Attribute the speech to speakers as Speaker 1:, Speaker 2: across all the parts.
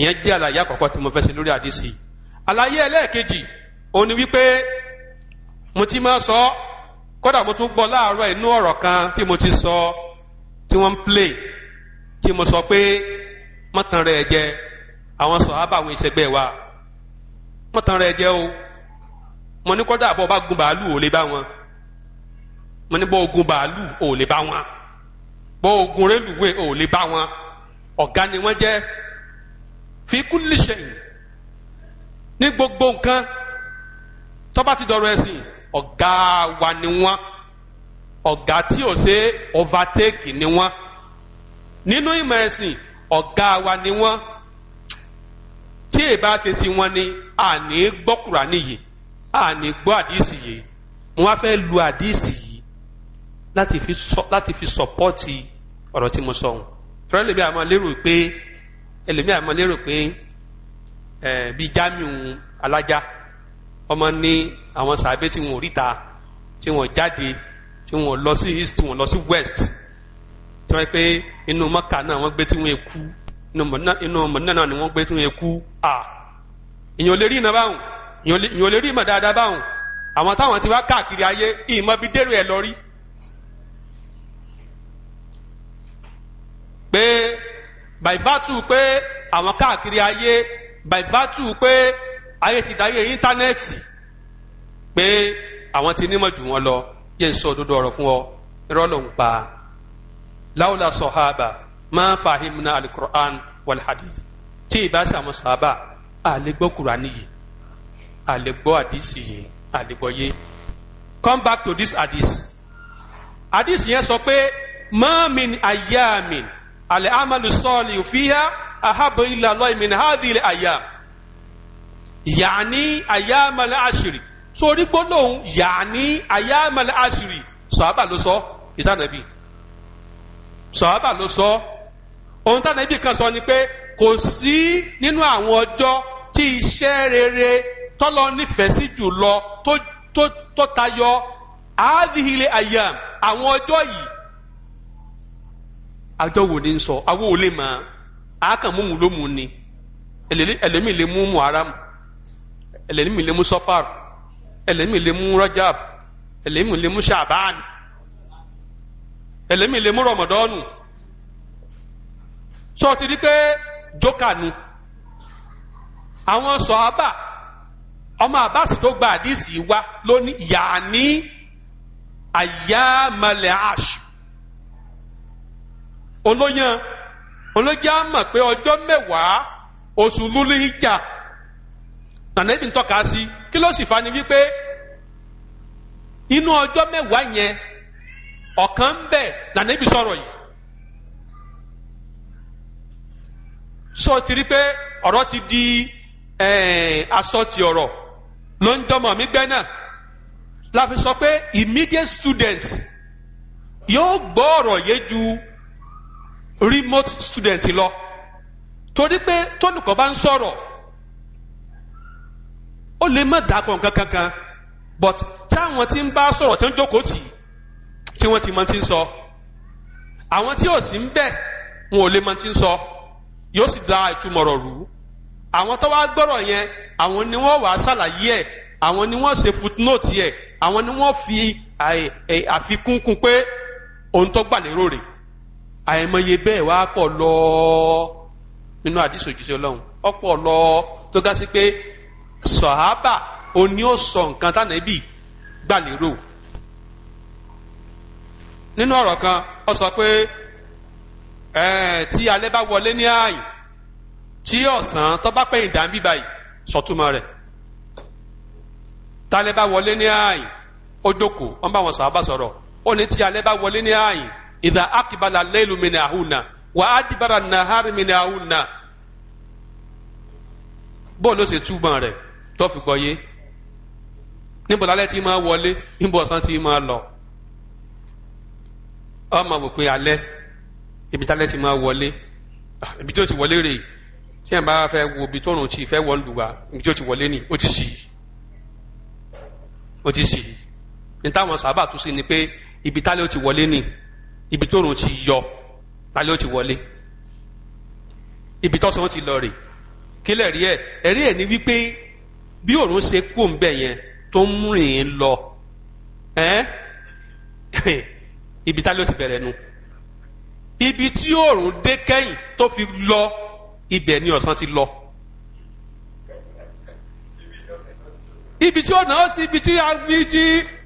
Speaker 1: ìyẹn jẹ́ àlàyé àkọ́kọ́ tí mo fẹ́ ṣe lórí àdìsí àlàyé ẹlẹ́ẹ̀kejì òun ni wípé mo ti máa sọ kódà mo tún gbọ́ láàárọ̀ inú ọ̀rọ̀ kan tí mo ti sọ tí wọ́n ń play tí mo sọ pé mọ́tàn rẹ̀ jẹ àwọn sọ̀hábà àwọn ìṣẹ̀gbẹ́ wa mọ́tàn rẹ̀ jẹ o mo ní kódà bọ́ bá gun bàálù ò lè bá wọn mo ní bọ́ ogun bàálù ò lè bá wọn bọ́ ogun rélùwé ò lè bá wọn ọ̀gá ni wọ́n jẹ́ fi kulli shay ní gbogbo nǹkan tó ti dọ̀rọ̀ ẹ̀sìn ọ̀gá wa ni wọ́n ọ̀gá tí ò ṣe overtake ni wọ́n nínú ìmọ̀ ẹ̀sìn ọ̀gá wa ni wọ́n tí èbá ṣe ti wọn ni àní gbọ́ Kùránì yìí àní gbọ́ àdìsí yìí mo wá fẹ́ lu àdìsí yìí láti fi sọ láti fi ọ̀rọ̀ tí mo sọ ohun fẹ́rẹ́ lè bí àwọn lérò pé ẹlòmíà máa lérò pé ẹ bíi jamiu alájà ọmọ ní àwọn sàbẹ tí wọn ò ríta tí wọn jáde tí wọn lọ sí east tí wọn lọ sí west tí wọn pé inú mọ́kà náà wọ́n gbé tí wọ́n kú inú mọ̀nà náà ni wọ́n gbé tí wọ́n kú à ìyẹn ò lè rí iná báwọn ìyẹn ò lè rí ìmọ̀ dáadáa báwọn àwọn táwọn ti wá káàkiri ayé ìmọ̀ bí dèrò ẹ̀ lọ rí pé by virtue pé àwọn káàkiri ayé by virtue pé ayé ti dáyé íńtánẹ́ẹ̀tì pé àwọn ti nímọ̀ jù wọ́n lọ jẹ́ ń sọ òdodo ọ̀rọ̀ fún ọ irọ́ ló ń pa láwùlà sọ̀hábà máa fàhímù náà alukur'an wal hadith tí ìbá sàmù sàhábà àlégbọ́ kùránì yìí àlégbọ́ àdìsí yìí àlégbọ́ yé come back to this hadith hadith yẹn sọ pé mọ́ọ̀mìn ayé àmìn al-amalu salihu fiha ahabu ila Allah min hadhihi al-ayyam yaani ayyam al-ashri sórí gbólóhùn yaani ayyam al-ashri sọ̀hábà ló sọ ìsànàbí sọ̀hábà ló sọ ohun tánàbí kan sọ ni pé kò sí nínú àwọn ọjọ́ tí iṣẹ́ rere tọ́lọ́ nífẹ̀ẹ́ sí jù lọ tó tó tó tayọ àádìhìlẹ̀ àyàm àwọn ọjọ́ yìí àjọ wò ni ń sọ awo ò lè mọ àákàn mú mu ló mu ni ẹlẹ́mìí lè mú mu haram ẹlẹ́mìí lè mú sọ́fàr ẹlẹ́mìí lè mú rajab ẹlẹ́mìí lè mú shaban ẹlẹ́mìí lè mú rọmọdọ́nù sọ́ọ̀tì rí pé jókà ni àwọn sọ̀hábà ọmọ àbáṣì tó gba àdìsí wa ló ní yàní àyàmàlẹ̀ àṣù olóyan olójẹ́ á mọ̀ pé ọjọ́ mẹ́wàá oṣù lúlíjà nànẹ́bí ń tọ́ka sí kí ló sì fa ni wípé inú ọjọ́ mẹ́wàá yẹn ọ̀kan ń bẹ nànẹ́bí sọ̀rọ̀ yìí sọ ti rí pé ọ̀rọ̀ ti di eh, asọ́ti ọ̀rọ̀ ló ń dọ́mọ̀ mí gbẹ́ náà la fi sọ pé immediate students yóò gbọ́ ọ̀rọ̀ yé ju remote student lọ torí pé tónìkan bá ń sọ̀rọ̀ ó lè má dàkọ̀ kankankan but táwọn tí ń bá sọ̀rọ̀ tí ń jókòó tì tí wọ́n ti mọ ti ń sọ àwọn tí ò sí ń bẹ̀ wọn ò lè mọ ti ń sọ yóò sì da ìtumọ̀ rọ̀ rú àwọn tó wá gbọ́rọ̀ yẹn àwọn ni wọ́n wàá ṣàlàyé ẹ̀ àwọn ni wọ́n ṣe footnote ẹ̀ àwọn ni wọ́n fi àfikún kún pé ohun tó gbà lérò rèé àìmọye bẹ́ẹ̀ wá pọ̀ lọ nínú àdìsí òjíṣẹ́ ọlọ́run ọ̀pọ̀ lọ tó ga sí pé sọ̀hábà òní ò sọ nǹkan tánàbì gbà lérò nínú ọ̀rọ̀ kan ó sọ pé tí alẹ́ bá wọlé ní ààyè tí ọ̀sán tó bá pẹ̀yìn báyìí sọ̀túnmọ́ rẹ̀ tálẹ́ bá wọlé ní ààyè ó jókòó wọ́n bá wọn sọ̀hábà ó ní tí alẹ́ bá wọlé ní ààyè idha akibala leilu min ahuna wa adibara nahari min ahuna bọ́ọ̀lù ó ṣe túmọ̀ rẹ̀ tó fi gbọ́ yé níbo ma tí máa wọlé níbo ọ̀sán ma máa lọ ọmọ wò pé alẹ́ ibi tálẹ́ tí máa wọlé ibi tó ti wọlé rèé tí ẹ̀ bá fẹ́ wo ibi tóòrùn tí fẹ́ wọ́n lùwà ibi tó ti wọlé ni ó ti sì ó ti sì ní táwọn sábà tún sí ni pé ibi tálẹ́ ó ti wọlé ni ibi tó rùn ti yọ lálẹ́ ó ti wọlé ibi tọ́sán ó ti lọ rè kílẹ̀ rí ẹ̀ ẹ̀rí ẹ̀ ni wípé bí òòrùn ṣe kú òun bẹ̀ yẹn tó ń rìn lọ ẹ́n ibi tá ló ti bẹ̀rẹ̀ nu ibi tí òòrùn dé kẹ́yìn tó fi lọ ibẹ̀ ni ọ̀sán ti lọ. ibi tí ó nà sí ibi tí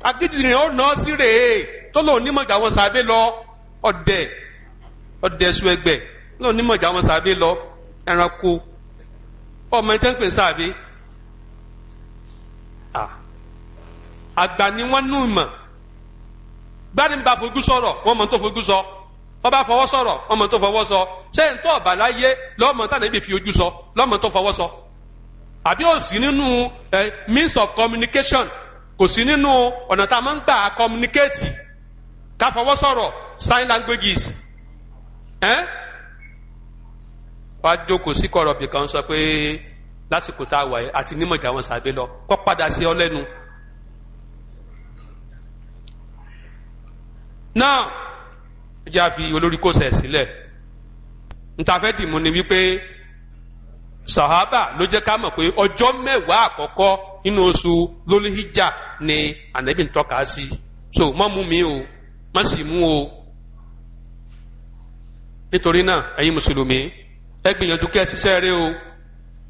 Speaker 1: agídìrín ó nà sí rèé tó lòun ní mọ̀jà wọn sáré lọ ọdẹ ọdẹ sún ẹgbẹ lọ onímọ̀ ìjà wọn sàbí lọ ẹranko ọmọ ẹjẹ ń pè sàbí àgbà ni wọ́n nù mọ̀ gbani bá fojú sọ̀rọ̀ wọ́n mọ̀ tó fojú sọ wọ́n bá fọwọ́ sọ̀rọ̀ wọ́n mọ̀ tó fọwọ́ sọ ṣé n tó ọ̀bà láyé lọ́mọ tánà ibi fi ojú sọ lọ́mọ tó fọwọ́ sọ àbí ò sí nínú means of communication kò sí nínú ọ̀nà tá a máa ń gbà communicate ká fọwọ́ sọ̀rọ̀ sign languages ẹ́n wá jókòó sí kọ̀rọ̀ sọ pé lásìkò tá a wà yìí àti nímọ̀ ìjà wọn sàbẹ̀ lọ kọ́ padà sí ọ lẹ́nu. náà ẹ jẹ́ àfi olórí kò sẹ̀ sílẹ̀ ntàfẹ́ dìmú sahaba ló jẹ́ ká mọ̀ pé ọjọ́ mẹ́wàá àkọ́kọ́ nínú oṣù ni ànábì ń tọ́ka so má mú mi o má sì mú o. nítorí náà ẹ̀yin mùsùlùmí ẹ gbìyànjú kí ẹ ṣiṣẹ́ rẹ o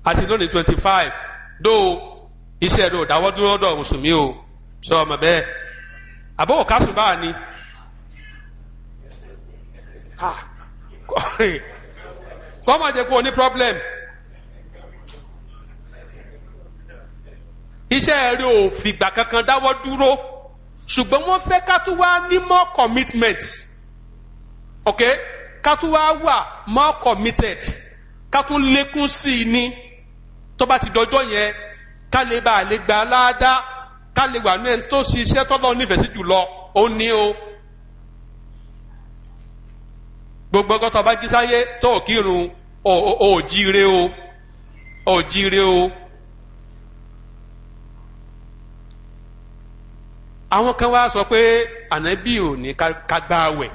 Speaker 1: àti lónìí twenty five dó iṣẹ́ rẹ ò dáwọ́ dúró ọ̀dọ̀ mùsùlùmí o sọ ọmọ bẹ́ẹ̀ àbọ̀wò kásùbà ni kọ́ máa jẹ́ kó o ní problem. iṣẹ́ rẹ̀ ò fìgbà kankan dáwọ́ dúró ṣùgbọ́n wọ́n fẹ́ ká tún wá ní more commitment okay ká wá wà more committed ká tún lékún sí i ní tó bá ti dọjọ́ yẹn ká lè bá a lè gba aláàdá ká lè wà ní ẹni tó ṣiṣẹ́ tọ́lọ́ nífẹ̀ẹ́ sí jùlọ ó ní o. gbogbo ọgọ́tọ̀ bá jí sáyé tó ò kírun ò jíire o ò jíire o. àwọn kan wá sọ pé ànábì ò ní ká gbá wẹ̀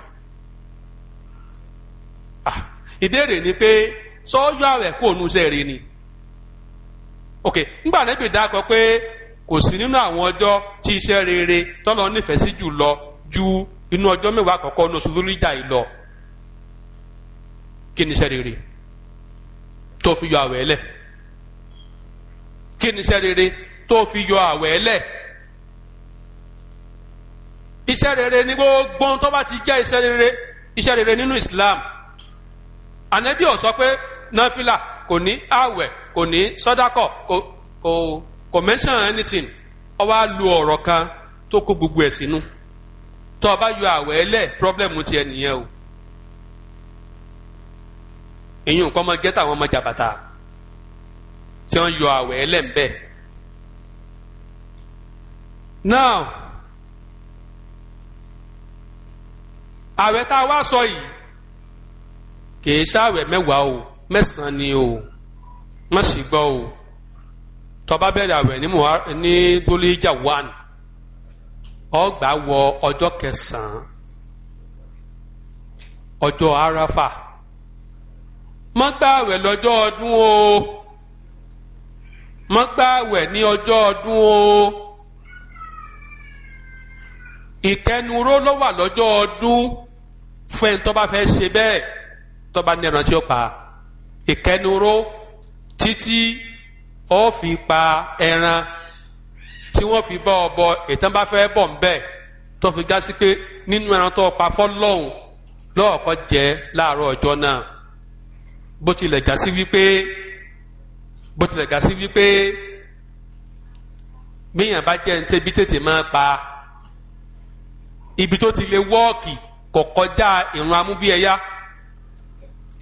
Speaker 1: ìbéèrè ni pé sọ́ọ́yọ́ àwẹ̀ kó nu iṣẹ́ rẹ ni ok ńgbà níbi dákọ pé kò sí nínú àwọn ọjọ́ tí iṣẹ́ rere tọ́lọ́ nífẹ̀ẹ́ sí jù lọ ju inú ọjọ́ mẹ́wàá àkọ́kọ́ ní oṣù lóríjà yìí lọ kí ni iṣẹ́ rere tó fi yọ àwẹ̀ lẹ̀ kí ni iṣẹ́ rere tó fi yọ àwẹ̀ lẹ̀ iṣẹ́ rere ni gbogbo tó bá ti jẹ́ iṣẹ́ rere iṣẹ́ rere nínú Islam ànábì ò sọ pé náfìlà kò ní àwẹ̀ kò ní sọ́dákọ̀ kò kò kò mention anything ó wá lu ọ̀rọ̀ kan tó kó gbogbo ẹ̀ sínú tó o bá yọ àwẹ̀ ẹlẹ́ problem tiẹ̀ nìyẹn o èyí nǹkan ọmọ gẹ́tà àwọn ọmọ jàbàtà tí wọ́n yọ àwẹ̀ ẹlẹ́ ń bẹ̀. now àwẹ̀ tá a wá sọ yìí kìí ṣàwẹ̀ mẹ́wàá o mẹ́sàn-án ni o má sì gbọ́ o tó bá bẹ̀rẹ̀ àwẹ̀ ní ní dólíjà one ọgbà wọ ọjọ́ kẹsàn-án arafa má gbààwẹ̀ lọ́jọ́ ọdún o má gbààwẹ̀ ní ọjọ́ ọdún o ìkẹnuró ló wà lọ́jọ́ ọdún fún ẹni tó bá ṣe bẹ́ẹ̀ tọ́ba ní ẹran tí ó pa ìkẹnuró títí ó fi pa ẹran tí wọ́n fi bá ọ bọ ìtàn bá fẹ́ bọ̀ ń bẹ́ẹ̀ tó fi já sí pé nínú ẹran tó pa fọlọ́hún lọ́ọ̀kọ́ jẹ láàárọ̀ ọjọ́ náà bó tilẹ̀ já sí wípé bó tilẹ̀ já sí wípé bíyàn bá jẹ́ ntẹ́ bí tètè máa pa ibi tó ti lè wọ́ọ̀kì kò kọjá ìrun amúbíẹ̀yá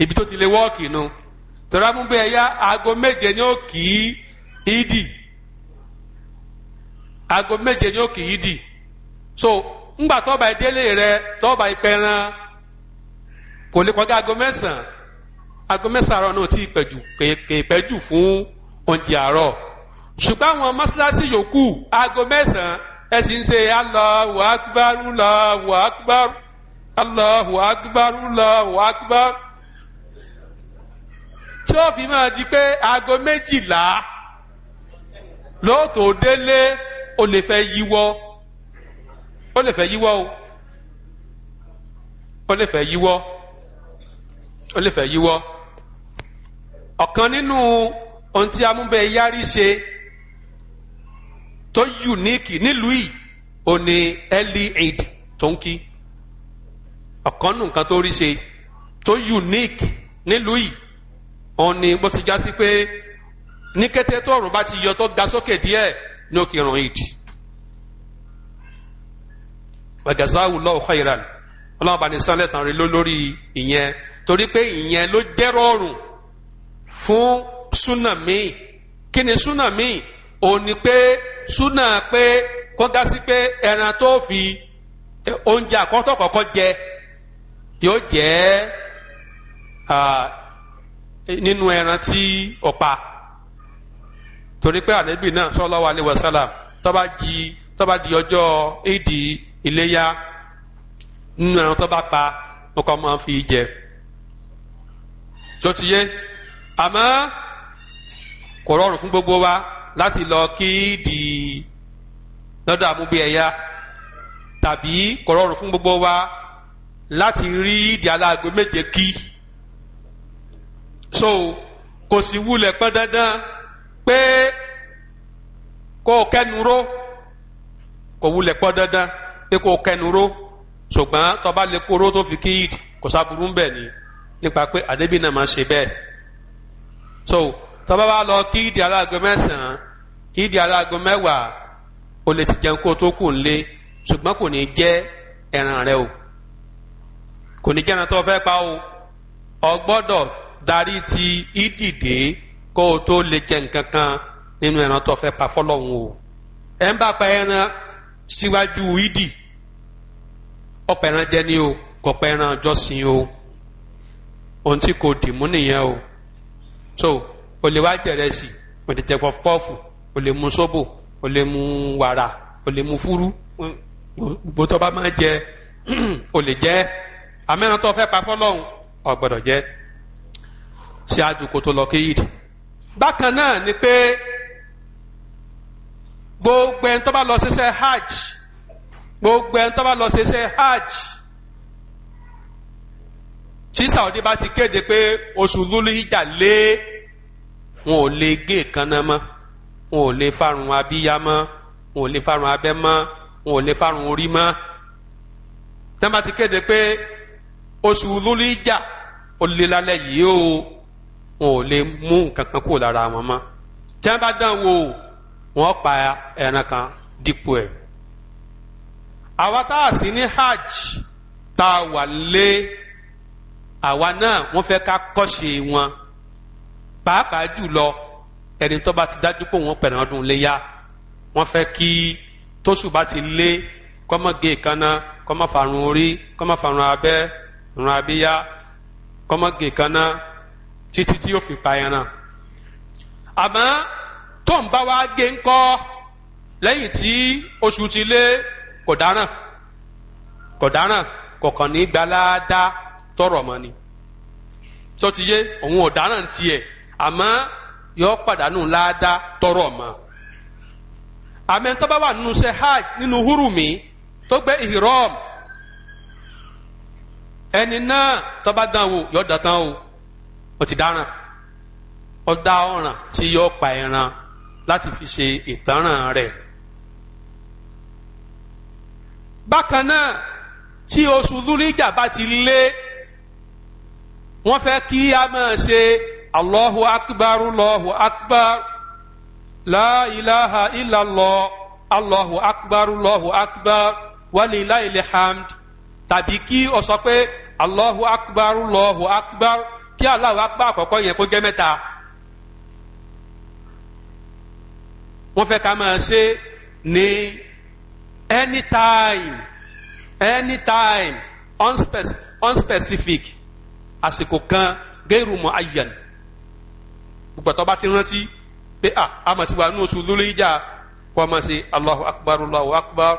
Speaker 1: ibi tó ti le wọ́ọ̀kì nu tọ́lá mú ya aago méje ni ó kì í ìdì aago méje ni ó kì í ìdì so tọ́ba ìdílé rẹ tọ́ba ìpẹran kò lè kọjá aago mẹ́sàn-án aago mẹ́sàn-án àárọ̀ náà ti pẹ̀jù kèé fún oúnjẹ àárọ̀ ṣùgbọ́n àwọn mọ́ṣáláṣí aago mẹ́sàn-án ń ṣe Allahu tí ó fi máa di pé aago méjìlá lóòótọ́ délé o lè fẹ́ yíwọ́ o lè fẹ́ yíwọ́ o o lè fẹ́ yíwọ́ o lè fẹ́ yíwọ́ ọ̀kan nínú ohun tí amúbẹ̀ yárí ṣe tó yùníkì nílùú yìí o ní early aid tó ń kí ọ̀kan nù nǹkan tó rí ṣe tó yùníkì nílùú yìí òun ni bó ṣe já sí pé ní kété tó ọ̀run bá ti yọ tó ga sókè díẹ̀ ní òkè ìrùn ìdì wàgàzáwù lọ́wọ́ khairan ọlọ́run bá ní sanlẹ̀ sàn rí lórí ìyẹn torí pé ìyẹn ló jẹ́ rọrùn fún súnà kí ni súnà míì òun pé súnà pé kọ́gá sí pé ẹran tó fi oúnjẹ àkọ́tọ̀ kọ́kọ́ jẹ yóò jẹ́ Eh, nínú ẹran tí ọ̀pá torí pé ànábì náà sallallahu alaihi wasallam tó bá di tó bá di ọjọ́ éèdì iléyá nínú ẹran tó bá pa ọkọ máa fi jẹ tó ti yé àmọ́ kò rọrùn fún gbogbo wa láti lọ kí di lọ́dọ̀ àmúbi ẹ̀yà tàbí kò rọrùn fún gbogbo wa láti rí ìdí aláàgọ́ kí so kò sì wulẹ̀ pẹ́ dandan pé kó o kẹnu ró kò wulẹ̀ pẹ́ dandan pé kó o kẹnu ró ṣùgbọ́n tó bá lè kóró tó fi kí yìí kò sábúrú ń bẹ̀ ni nípa pé àdébí náà máa ṣe bẹ́ẹ̀ so tó bá wá lọ kí ìdí aláàgọ́ mẹ́sàn-án ìdí aláàgọ́ mẹ́wàá o lè ti jẹun kó tó kù ń ṣùgbọ́n kò ní jẹ́ ẹran rẹ o kò ní jẹ́ ẹran tó fẹ́ pa o o darí ti ìdìde kó o tó lè jẹ nǹkan kan nínú ẹran tó fẹ́ pa fọlọ́hún o ẹ̀ ń bá pa ẹran síwájú ìdì ọ̀pẹ̀ ẹran jẹ ní o kò pẹ́ ẹran jọ́sìn o ohun tí kò dìmú nìyẹn o so o lè wá jẹrẹsì o lè jẹ pọfupọfu o lè mu sóbò o lè mu wàrà o lè mu fúrú gbogbo tó bá máa jẹ o lè jẹ amẹ́ran tó fẹ́ pa fọlọ́hún ọ̀gbọ́dọ̀ jẹ́ ṣáájú kó tó lọ kí yìí bákan náà ni pé gbogbo ẹni tó bá lọ ṣiṣẹ́ hajj gbogbo ẹni tó bá lọ ṣiṣẹ́ hajj tí Saudi bá ti kéde pé oṣù zulhijja lé wọn ò lè gé èékánná mọ́ wọn ò lè fárun abíyá mọ́ wọn ò lè fárun abẹ́ mọ́ wọn ò lè fárun orí mọ́ tí wọn bá ti kéde pé oṣù zulhijja ó lé lálẹ́ yìí o wọn ò lè mú nǹkan kan kúrò lára wọn mọ́ tí wọ́n bá dán wò wọ́n pa ẹran kan dípò ẹ̀. àwa tá a sì ní hajj tá a wà lé àwa náà wọ́n fẹ́ ká kọ́ṣe wọn pàápàá jùlọ ẹni tó bá ti dájú pé wọ́n pẹ̀lú ọdún léyà wọ́n fẹ́ kí tóṣù bá ti lé kọ́mọ́gé kaná kọ́mọ́farun orí kọ́mọ́farun abẹ́ run abíyá kọ́mọ́gé kaná títí tí yóò fi pa ẹran àmọ́ tó ń bá wa gé ńkọ́ lẹ́yìn tí oṣù ti lé kò dáràn kò dáràn kọ̀ọ̀kan ní gbalada tọrọ mọ́ ni tó ti yé òun ò dáràn tiẹ̀ àmọ́ yọ pàdánù láàdá tọrọ mọ́ àmì tó bá wà nínú ṣe hajj nínú húrùmí tó gbé ìhìrọ́m ẹni náà tó bá dán wò yọ dán o. ó ti dáràn ó dá ọ̀ràn tí yóò pa ẹran láti fi ṣe ìtanràn rẹ̀. bákan náà tí oṣù zúlíjà bá ti lé wọ́n fẹ́ kí a máa ṣe allahu akbar allahu akbar la ilaha illallah allahu akbar allahu akbar walilayi lihamd tàbí kí o sọ pé allahu akbar allahu akbar kí aláwọ̀ apá àkọ́kọ́ yẹn kó jẹ́ mẹ́ta wọ́n fẹ́ ká máa ṣe ní anytime anytime unspec unspecific àsìkò kan gẹ́rù mọ́ ayẹ̀n gbogbo àtọ́ bá ti rántí pé à àmọ̀ tí wà ní oṣù lórí ìjà kó máa ṣe allahu akbar allahu akbar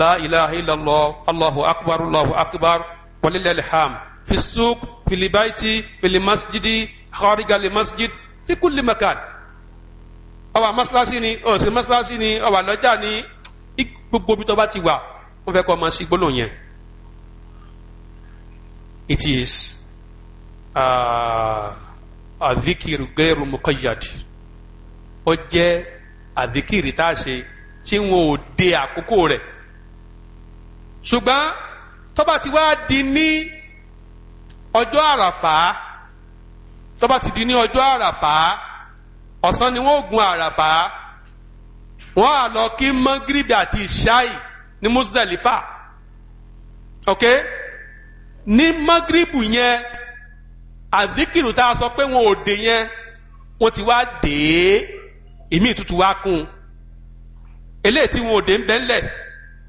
Speaker 1: la ilaha illallah allahu akbar allahu akbar walillahil hamd fi suq fili bayti fili masjidi xaariga li masjid fi kulli makan ó wà masilasi ni ó sì masilasi ni ó wà lọ́jà ni gbogbo bí tó bá ti wà it is a uh, gẹ́rù muqayyad ó jẹ́ adhikiri tá a ṣe tí wọn ò de àkókò rẹ̀ ṣùgbọ́n tó bá ti wá di ní ọjọ́ àràfà tó bá ti di ní ọjọ́ àràfà ọ̀sán ni wọ́n gun àràfà wọ́n á lọ kí mọ́gírìbì àti ìṣáì ní Musdalifa ok ní mọ́gírìbù yẹn àdìkìrù tá a sọ pé wọn ò dé yẹn wọn ti wá dé ìmí ìtutù wá kún eléyìí tí wọn ò dé ń bẹ́ńlẹ̀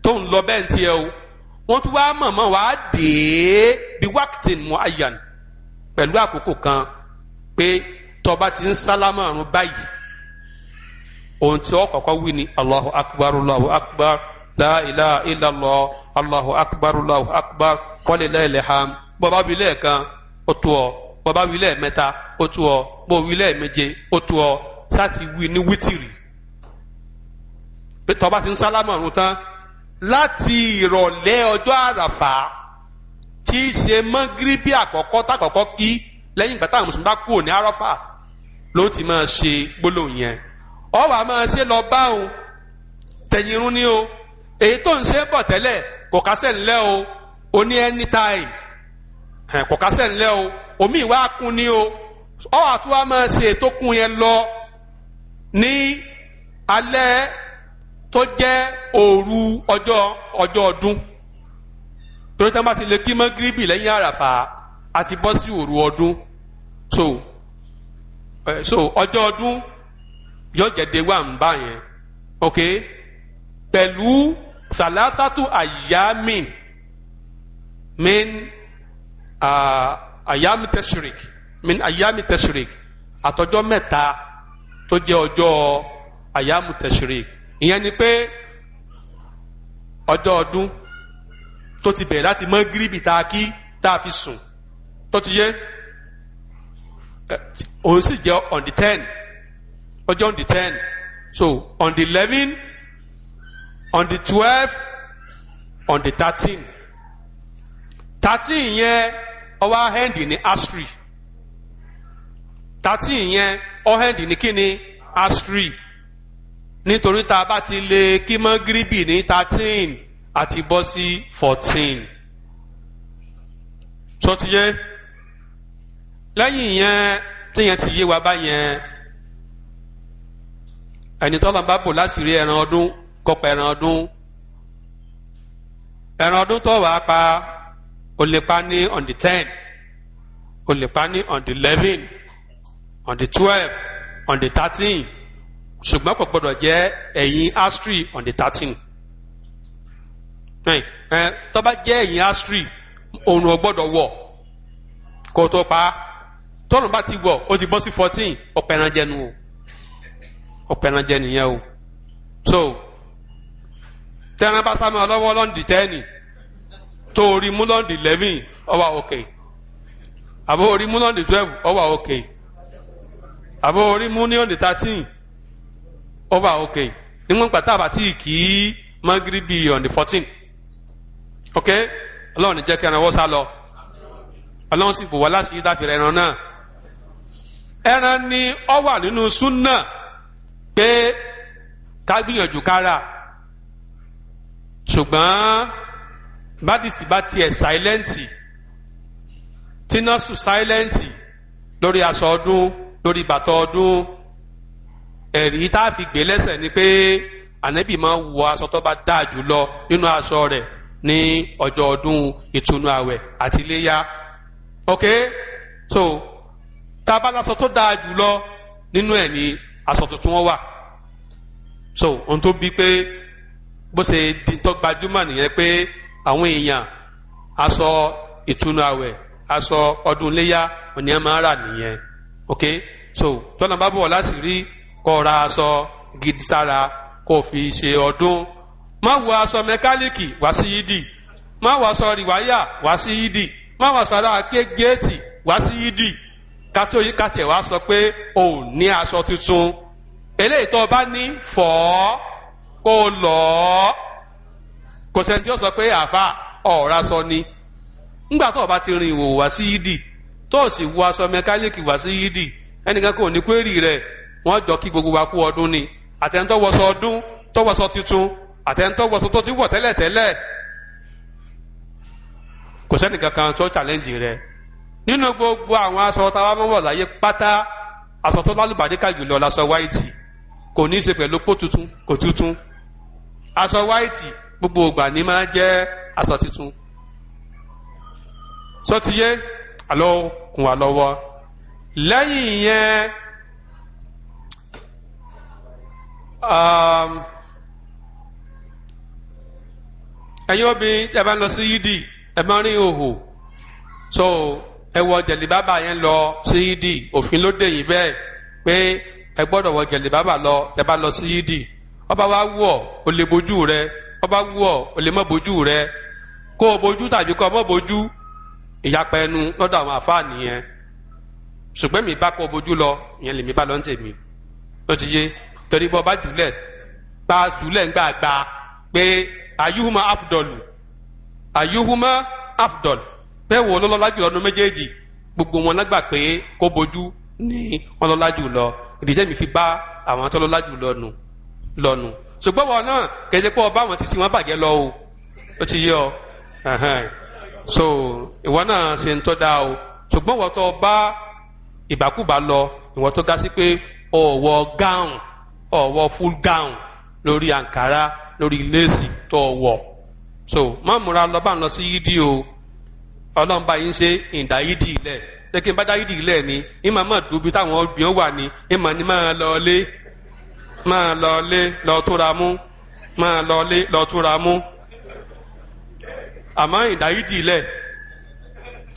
Speaker 1: tó ń lọ bẹ́ẹ̀ ń tiẹ̀ o wọ́n tún wá mọ̀mọ́ wá dé bí wákìtìn muayyan pẹ̀lú àkókò kan pé tọba ti ń sálámà ọ̀run báyìí ohun tí ó kọ́kọ́ wí ni allahu akbar allahu akbar la ilaha illallah allahu akbar allahu akbar walillahil hamd bọ́ba wí lẹ́ẹ̀kan ó tó ọ bọ́ba wí lẹ́ẹ̀mẹ́ta ó tó ọ bọ́ wí lẹ́ẹ̀méje ó tó ọ sáà ti wí ní wítìrì tọba ti ń sálámà ọ̀run tán láti ìrọ̀lẹ́ ọjọ́ àràfà tí í ṣe mọ́gíríbì àkọ́kọ́ tàkọ́kọ́ kí lẹ́yìn ìgbà táwọn mùsùlùmí bá kúrò ní àràfà ló ti máa ṣe gbólóhùn yẹn ó wá máa ṣe lọ bá òun tẹ̀yìn irun ni o èyí tó ń ṣe bọ̀ tẹ́lẹ̀ kò kásẹ̀ ńlẹ́ o o ní anytime kò kásẹ̀ ńlẹ́ o omi ìwà kún ni o ó wá máa ṣe ètò kún yẹn lọ ní alẹ́ tó jẹ́ òru ọjọ́ ọjọ́ ọdún torí tá a bá ti lè kí mọ́gíríbì lẹ́yìn àràfà àti bọ́ sí òru ọdún so so ọjọ́ ọdún yóò jẹ́ day one bá yẹn ok pẹ̀lú salasatu ayamin min uh, ayami tashrik min ayami tashrik àtọjọ́ mẹ́ta tó jẹ́ ọjọ́ ayamu tashrik ìyẹn ni pé ọjọ́ ọdún tó ti bẹ̀rẹ̀ láti mọ́ gíríbì tá a kí tá a fi sùn tó ti yé òun sì jẹ́ on the ten ọjọ́ on the ten so on the eleven on the twelve on the thirteen thirteen yẹn ọwọ́ ahẹ́ndì ní astri thirteen yẹn ọhẹ́ndì ní kíni astri nítorí tá a bá ti lè kí mọ́gíríbì ní thirteen àti bọ́ sí fourteen tó ti yé lẹ́yìn yẹn téèyàn ti yé wa báyẹn ẹni tọ́lọ́ bá bò láṣìírí ẹran ọdún kọpa ẹran ọdún ẹran ọdún tó wàá pa o lè pa ní on the ten o lè pa ní on the eleven on the twelve on the thirteen ṣùgbọ́n kò gbọ́dọ̀ jẹ́ ẹ̀yìn astri on the thirteen eh, tó bá jẹ́ ẹ̀yìn astri òòrùn ò gbọ́dọ̀ wọ̀ kó tó pa tọ́run bá ti wọ̀ ó ti bọ́ sí fourteen ọ̀pẹ̀ran jẹnu o ọ̀pẹ̀ran jẹ nìyẹn o so tẹ́ran bá sá mi ọlọ́wọ́ lọ́ndì tẹ́ẹ̀nì tó orí mú lọ́ndì eleven ó wà okay àbó orí mú lọ́ndì twelve ó wà okay àbó orí mú ní ọ̀ndì thirteen ọba ok níwọ̀n gbà tá a bá tí kì í magribi on the fourteen ok ọlọ́run ní jẹ́ kí ẹran wọ́n sá lọ ọlọ́run sì bò wá láti yí dáfẹ́ ẹran náà ẹran ni ọ wà nínú súnà pé ká gbìyànjú ká rà ṣùgbọ́n bádìsí bá tiẹ̀ sáílẹ́ǹtì tínásù sáílẹ́ǹtì lórí aṣọ ọdún lórí bàtọ ọdún ẹ̀rí tá a fi gbé lẹ́sẹ̀ ni pé ànábì máa wọ aṣọ tó bá dáa jù lọ nínú aṣọ rẹ̀ ní ọjọ́ ọdún ìtúnu àwẹ̀ àti iléyá ok so tá a bá láṣọ tó dáa jù lọ nínú ẹ̀ ni aṣọ tuntun wọn wà so ohun tó bí pé bó ṣe di tó gbajúmọ̀ nìyẹn pé àwọn èèyàn aṣọ ìtúnu àwẹ̀ aṣọ ọdún iléyá òní ẹ̀ máa rà nìyẹn ok so tọ́nà bá bọ̀ láti rí kó ra aṣọ gidi sára kó fi ṣe ọdún má wọ aṣọ mẹkáníìkì wá sí yídì má wọ aṣọ rìwáyà wá sí yídì má wọ aṣọ aláàké géètì wá sí yídì kátó yí kátẹ̀ wá sọ pé o ò ní aṣọ tuntun eléyìí tó o bá ní fọ̀ ọ́ kó o lọ̀ ọ́ kò sẹ́ni tí ó sọ pé àfa ọ̀ọ́ra sọ ni ńgbà tó o bá ti rin ìwò wá sí yídì tó o sì wọ aṣọ mẹkáníìkì wá sí yídì ẹnìkan kò ní kwérì rẹ̀ wọ́n jọ kí gbogbo wa kú ọdún ni àtẹnudọ́ wọṣọ ọdún tó wọṣọ tuntun àtẹnudọ́ wọṣọ tó ti wọ̀ tẹ́lẹ̀tẹ́lẹ̀ kò sẹ́ni kankan tó challenge rẹ̀ nínú gbogbo àwọn aṣọ táwa mọ́ wọ̀ láyé pátá aṣọ tó lálùbáríkà jùlọ láṣọ wáìtì kò ní í ṣe pẹ̀lú pó tuntun kò tuntun aṣọ wáìtì gbogbo ògbà ni máa jẹ́ aṣọ tuntun sọtiyé alọ́ kùn wá lọ́wọ́ lẹ́yìn yẹn. Um, ẹ̀yin obìnrin ẹ bá ń lọ sí yídì ẹ máa rí òhò so ẹ wọ jẹ̀lìbábà yẹn lọ sí yídì òfin ló dé yìí bẹ́ẹ̀ pé ẹ gbọ́dọ̀ wọ jẹ̀lìbábà lọ ẹ bá lọ sí yídì ọba wa wù ọ́ o lè bojú rẹ ọba wù ọ́ o lè má bojú rẹ kó o bojú tàbí kó o má bojú ìyapa ẹnu lọ́dọ̀ àwọn àfáà nìyẹn ṣùgbọ́n mi bá kó o bojú lọ ìyẹn lèmi bá lọ ń tèmi ó ti yé torí bọ́ bá ba pa jùlẹ̀ gbàgbà pé ayuhuma afdol ayuhuma afdol bẹ́ẹ̀ wo ló lọ́lá jùlọ nu méjèèjì gbogbo wọn lágbà pé kó bojú ní wọn lọ́lá jùlọ ìdíjẹ́ mi fi bá àwọn tó lọ́lá jùlọ nù lọ́nu ṣùgbọ́n wọn náà kẹsẹ́ pé ọba àwọn ti sin wọn bàjẹ́ lọ o ó ti yé so ìwọ náà ṣe ń tọ́ da o ṣùgbọ́n wọn tó bá ìbákúbá lọ ìwọ tó ga sí pé ọ̀wọ́ gáùn Ọwọ full gown lórí ankara lórí léèsì tó so má múra lọ bá ń lọ sí yídì o ọlọ́mba yín ṣe ìdá yídì lẹ̀ ṣé kí n ni ìmọ̀ mọ̀ dùbí táwọn ọgbìn ó wà ni máa lọ lé máa lọ lé lọ túra mú máa lọ lé lọ túra mú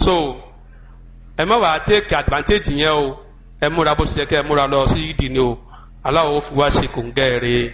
Speaker 1: so ẹ take advantage o ẹ múra bó ṣe ẹ múra lọ sí ni o. aláwo fi wá ṣe kòńgẹ́ rèé.